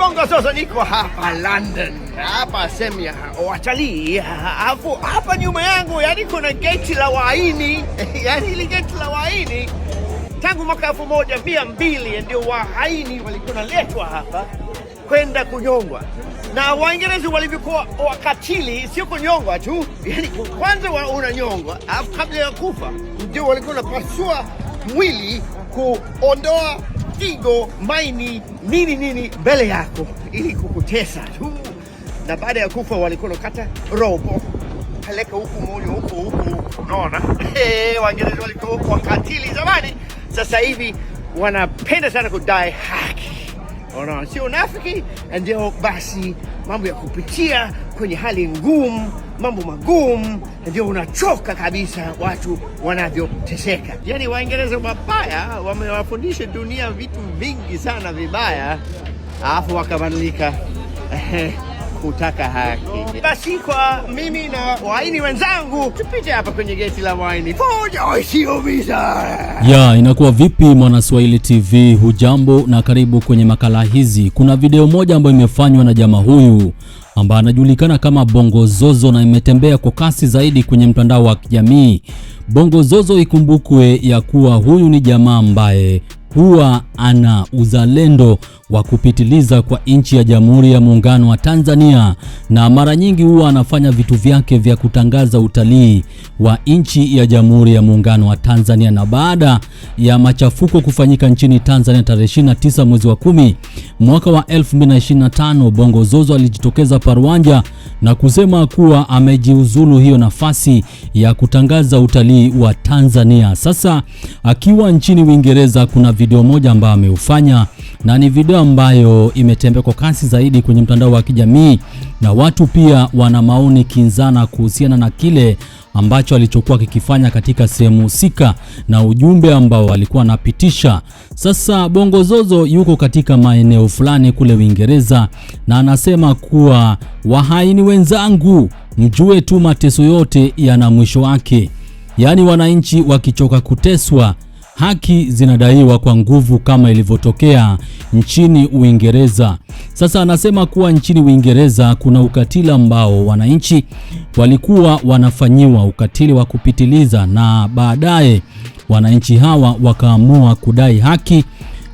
Bongo sasa niko hapa London, hapa sehemu ya watalii. Hapo hapa nyuma yangu, yani kuna geti la Waini yani hili geti la Waini tangu mwaka elfu moja mia mbili ndio Wahaini walikuwa naletwa hapa kwenda kunyongwa na Waingereza walivyokuwa wakatili, sio kunyongwa tu, yani kwanza wa unanyongwa, alafu kabla ya kufa ndio walikuwa napasua mwili kuondoa figo, maini, nini nini mbele yako ili kukutesa tu, na baada ya kufa walikuwa nakata robo peleka huku moyo huku huku, unaona Waingereza walikuwa huku wakatili zamani. Sasa hivi wanapenda sana kudai haki, unaona, sio unafiki. Ndio basi mambo ya kupitia kwenye hali ngumu, mambo magumu, ndio unachoka kabisa, watu wanavyoteseka. Yani Waingereza mabaya wamewafundisha dunia vitu vingi sana vibaya, alafu wakabadilika kutaka haki. Basi kwa mimi na waini wenzangu tupite hapa kwenye geti la waini poja isiyo visa ya inakuwa vipi. Mwanaswahili TV, hujambo na karibu kwenye makala hizi. Kuna video moja ambayo imefanywa na jamaa huyu ambaye anajulikana kama Bongo Zozo na imetembea kwa kasi zaidi kwenye mtandao wa kijamii. Bongo Zozo ikumbukwe ya kuwa huyu ni jamaa ambaye huwa ana uzalendo wa kupitiliza kwa nchi ya Jamhuri ya Muungano wa Tanzania, na mara nyingi huwa anafanya vitu vyake vya kutangaza utalii wa nchi ya Jamhuri ya Muungano wa Tanzania. Na baada ya machafuko kufanyika nchini Tanzania tarehe 29 mwezi wa kumi mwaka wa 2025, Bongo Zozo alijitokeza paruanja na kusema kuwa amejiuzulu hiyo nafasi ya kutangaza utalii wa Tanzania. Sasa akiwa nchini Uingereza kuna video moja ambayo ameufanya na ni video ambayo imetembea kwa kasi zaidi kwenye mtandao wa kijamii, na watu pia wana maoni kinzana kuhusiana na kile ambacho alichokuwa kikifanya katika sehemu husika na ujumbe ambao alikuwa anapitisha. Sasa Bongo Zozo yuko katika maeneo fulani kule Uingereza na anasema kuwa wahaini wenzangu, mjue tu mateso yote yana mwisho wake, yaani wananchi wakichoka kuteswa haki zinadaiwa kwa nguvu kama ilivyotokea nchini Uingereza. Sasa anasema kuwa nchini Uingereza kuna ukatili ambao wananchi walikuwa wanafanyiwa ukatili wa kupitiliza, na baadaye wananchi hawa wakaamua kudai haki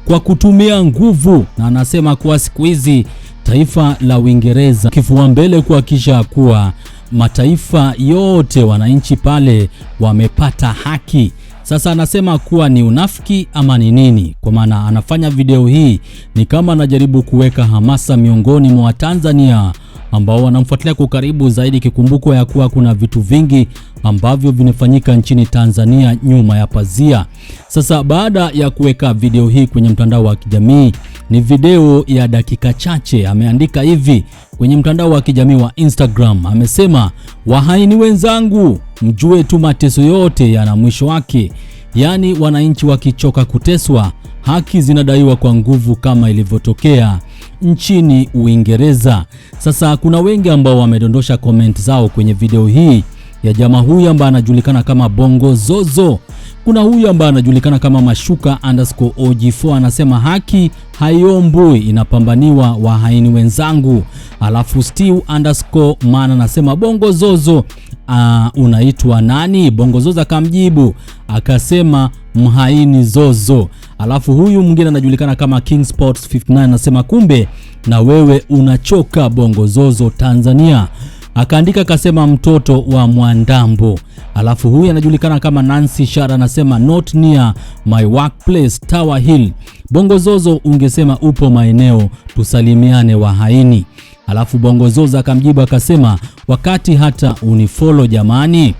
kwa kutumia nguvu, na anasema kuwa siku hizi taifa la Uingereza kifua mbele kuhakikisha kuwa mataifa yote wananchi pale wamepata haki. Sasa anasema kuwa ni unafiki ama ni nini? Kwa maana anafanya video hii ni kama anajaribu kuweka hamasa miongoni mwa tanzania ambao wanamfuatilia kwa karibu zaidi, kikumbukwa ya kuwa kuna vitu vingi ambavyo vinafanyika nchini Tanzania nyuma ya pazia. Sasa baada ya kuweka video hii kwenye mtandao wa kijamii, ni video ya dakika chache, ameandika hivi kwenye mtandao wa kijamii wa Instagram, amesema wahaini wenzangu Mjue tu mateso yote yana mwisho wake, yaani wananchi wakichoka kuteswa, haki zinadaiwa kwa nguvu kama ilivyotokea nchini Uingereza. Sasa kuna wengi ambao wamedondosha comment zao kwenye video hii ya jamaa huyu ambaye anajulikana kama Bongo Zozo. Kuna huyu ambaye anajulikana kama Mashuka underscore OG4 anasema haki haiombwi, inapambaniwa wahaini wenzangu. Alafu Steve underscore man anasema Bongo Zozo uh, unaitwa nani? Bongo Zozo akamjibu akasema mhaini Zozo. Alafu huyu mwingine anajulikana kama King Sports 59 anasema kumbe na wewe unachoka Bongo Zozo Tanzania. Akaandika akasema mtoto wa Mwandambo. Alafu huyu anajulikana kama Nancy Shara anasema not near my workplace Tower Hill. Bongo Zozo ungesema upo maeneo tusalimiane wahaini. Alafu Bongo Zoza akamjibu akasema, wakati hata unifolo jamani.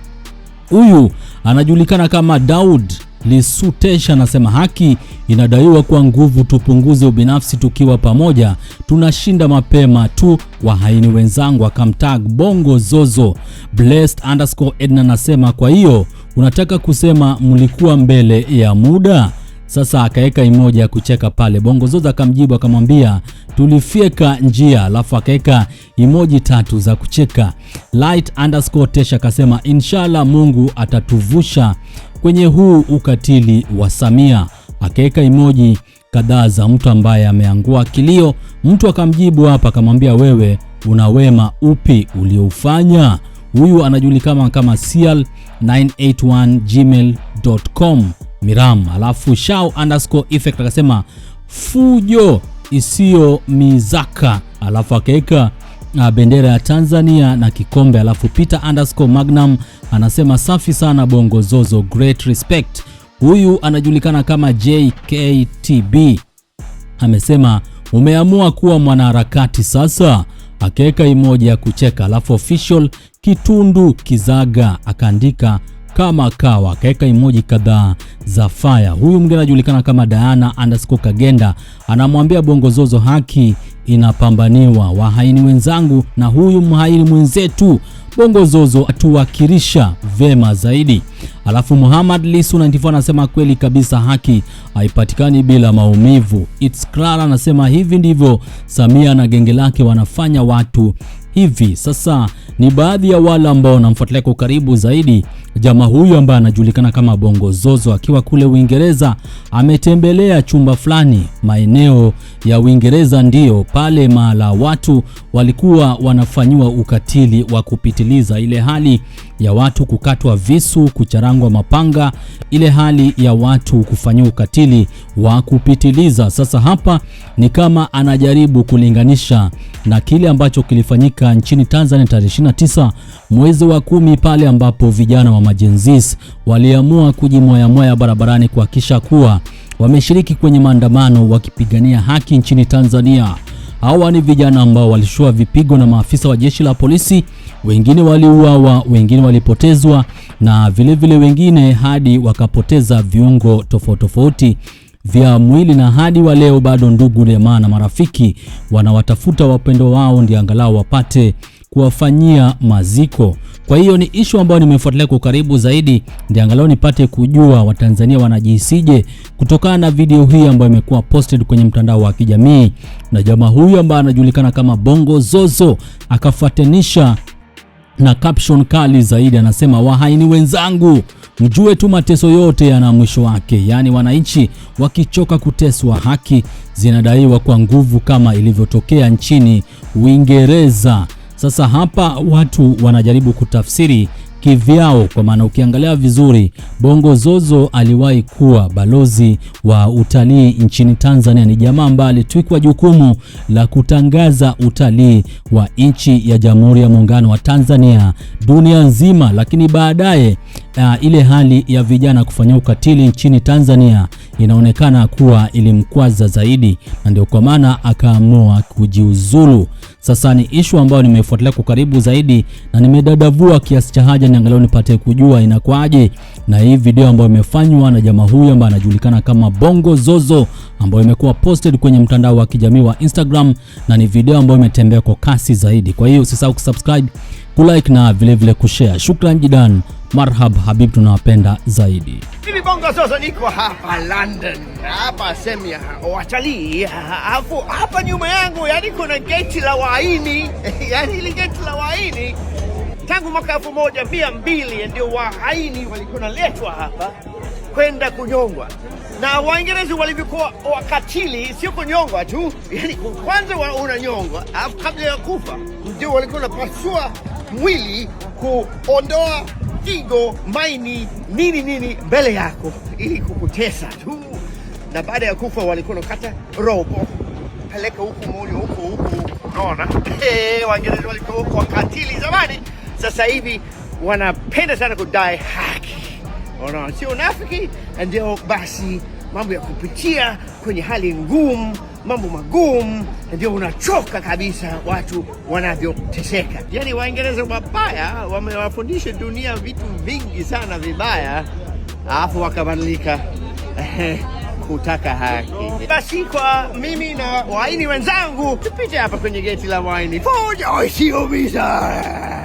Huyu anajulikana kama Daud Lisutesha anasema haki inadaiwa kwa nguvu, tupunguze ubinafsi, tukiwa pamoja tunashinda mapema tu wahaini wenzangu. Akamtag Bongo Zozo. Blessed underscore Edna anasema kwa hiyo unataka kusema mlikuwa mbele ya muda. Sasa akaweka imoja ya kucheka pale. Bongo Zozo akamjibu akamwambia tulifyeka njia, alafu akaweka imoji tatu za kucheka. Light underscore Tesha akasema inshallah Mungu atatuvusha kwenye huu ukatili wa Samia, akaweka imoji kadhaa za mtu ambaye ameangua kilio. Mtu akamjibu hapa akamwambia wewe una wema upi ulioufanya? Huyu anajulikana kama sial981gmail.com Miram. Alafu Shao underscore effect akasema fujo isiyo mizaka, alafu akaweka ah, bendera ya Tanzania na kikombe. Alafu Peter underscore Magnum anasema safi sana Bongo Zozo, great respect. Huyu anajulikana kama JKTB amesema umeamua kuwa mwanaharakati sasa, akaweka imoja ya kucheka. Alafu official Kitundu Kizaga akaandika kama kawa, akaweka emoji kadhaa za fire. Huyu mgeni anajulikana kama Diana underscore Kagenda anamwambia Bongo Zozo, haki inapambaniwa, wahaini wenzangu na huyu mhaini mwenzetu Bongo Zozo atuwakilisha vema zaidi. Alafu Muhammad Lisu 94 anasema kweli kabisa, haki haipatikani bila maumivu. It's Clara anasema hivi ndivyo Samia na genge lake wanafanya watu hivi sasa ni baadhi ya wale ambao wanamfuatilia kwa karibu zaidi. Jamaa huyu ambaye anajulikana kama Bongo Zozo akiwa kule Uingereza ametembelea chumba fulani maeneo ya Uingereza, ndiyo pale mahala watu walikuwa wanafanyiwa ukatili wa kupitiliza, ile hali ya watu kukatwa visu, kucharangwa mapanga, ile hali ya watu kufanyiwa ukatili wa kupitiliza. Sasa hapa ni kama anajaribu kulinganisha na kile ambacho kilifanyika kufanyika nchini Tanzania tarehe 29 mwezi wa kumi, pale ambapo vijana wa majenzis waliamua kujimwayamwaya barabarani kuhakikisha kuwa wameshiriki kwenye maandamano wakipigania haki nchini Tanzania. Hawa ni vijana ambao walishua vipigo na maafisa wa jeshi la polisi, wengine waliuawa, wengine walipotezwa na vilevile vile wengine hadi wakapoteza viungo tofauti tofauti vya mwili, na hadi wa leo bado ndugu, jamaa na marafiki wanawatafuta wapendo wao ndio angalau wapate kuwafanyia maziko. Kwa hiyo ni ishu ambayo nimefuatilia kwa karibu zaidi, ndio angalau nipate kujua Watanzania wanajihisije kutokana na video hii ambayo imekuwa posted kwenye mtandao wa kijamii, na jamaa huyu ambaye anajulikana kama Bongo Zozo akafuatanisha na caption kali zaidi, anasema wahaini wenzangu Mjue tu mateso yote yana mwisho wake, yaani wananchi wakichoka kuteswa, haki zinadaiwa kwa nguvu kama ilivyotokea nchini Uingereza. Sasa hapa watu wanajaribu kutafsiri kivyao, kwa maana ukiangalia vizuri, Bongo Zozo aliwahi kuwa balozi wa utalii nchini Tanzania. Ni jamaa ambaye alitwikwa jukumu la kutangaza utalii wa nchi ya Jamhuri ya Muungano wa Tanzania dunia nzima, lakini baadaye uh, ile hali ya vijana kufanya ukatili nchini Tanzania inaonekana kuwa ilimkwaza zaidi, na ndio kwa maana akaamua kujiuzulu. Sasa ni ishu ambayo nimefuatilia kwa karibu zaidi na nimedadavua kiasi cha haja niangalau nipate kujua inakwaje, na hii video ambayo imefanywa na jamaa huyu ambaye anajulikana kama Bongo Zozo ambayo imekuwa posted kwenye mtandao wa kijamii wa Instagram na ni video ambayo imetembea kwa kasi zaidi. Kwa hiyo usisahau kusubscribe kulike na vilevile kushare. Shukran jidan, marhab habib, tunawapenda zaidi. Mimi bongo sasa niko hapa London, hapa sehemu ya watalii, alafu hapa nyuma yangu yani kuna geti la Waini yani ile geti la Waini tangu mwaka elfu moja mia mbili ndio Wahaini walikuwa naletwa hapa kwenda kunyongwa, na Waingereza walivyokuwa wakatili, sio kunyongwa tu, yani kwanza unanyongwa, alafu kabla ya kufa ndio walikuwa napasua mwili, kuondoa figo, maini, nini nini mbele yako ili kukutesa tu, na baada ya kufa walikuwa nakata robo, peleka huku, moyo huku huku. Unaona, wangereza walikuwa wakatili zamani, sasa hivi wanapenda sana kudai haki. Unaona, sio unafiki, ndio basi mambo ya kupitia kwenye hali ngumu, mambo magumu, ndio unachoka kabisa, watu wanavyoteseka. Yani Waingereza mabaya wamewafundisha dunia vitu vingi sana vibaya, alafu wakabadilika kutaka haki. Basi kwa mimi na waini wenzangu, tupite hapa kwenye geti la waini, foja isiyo oh,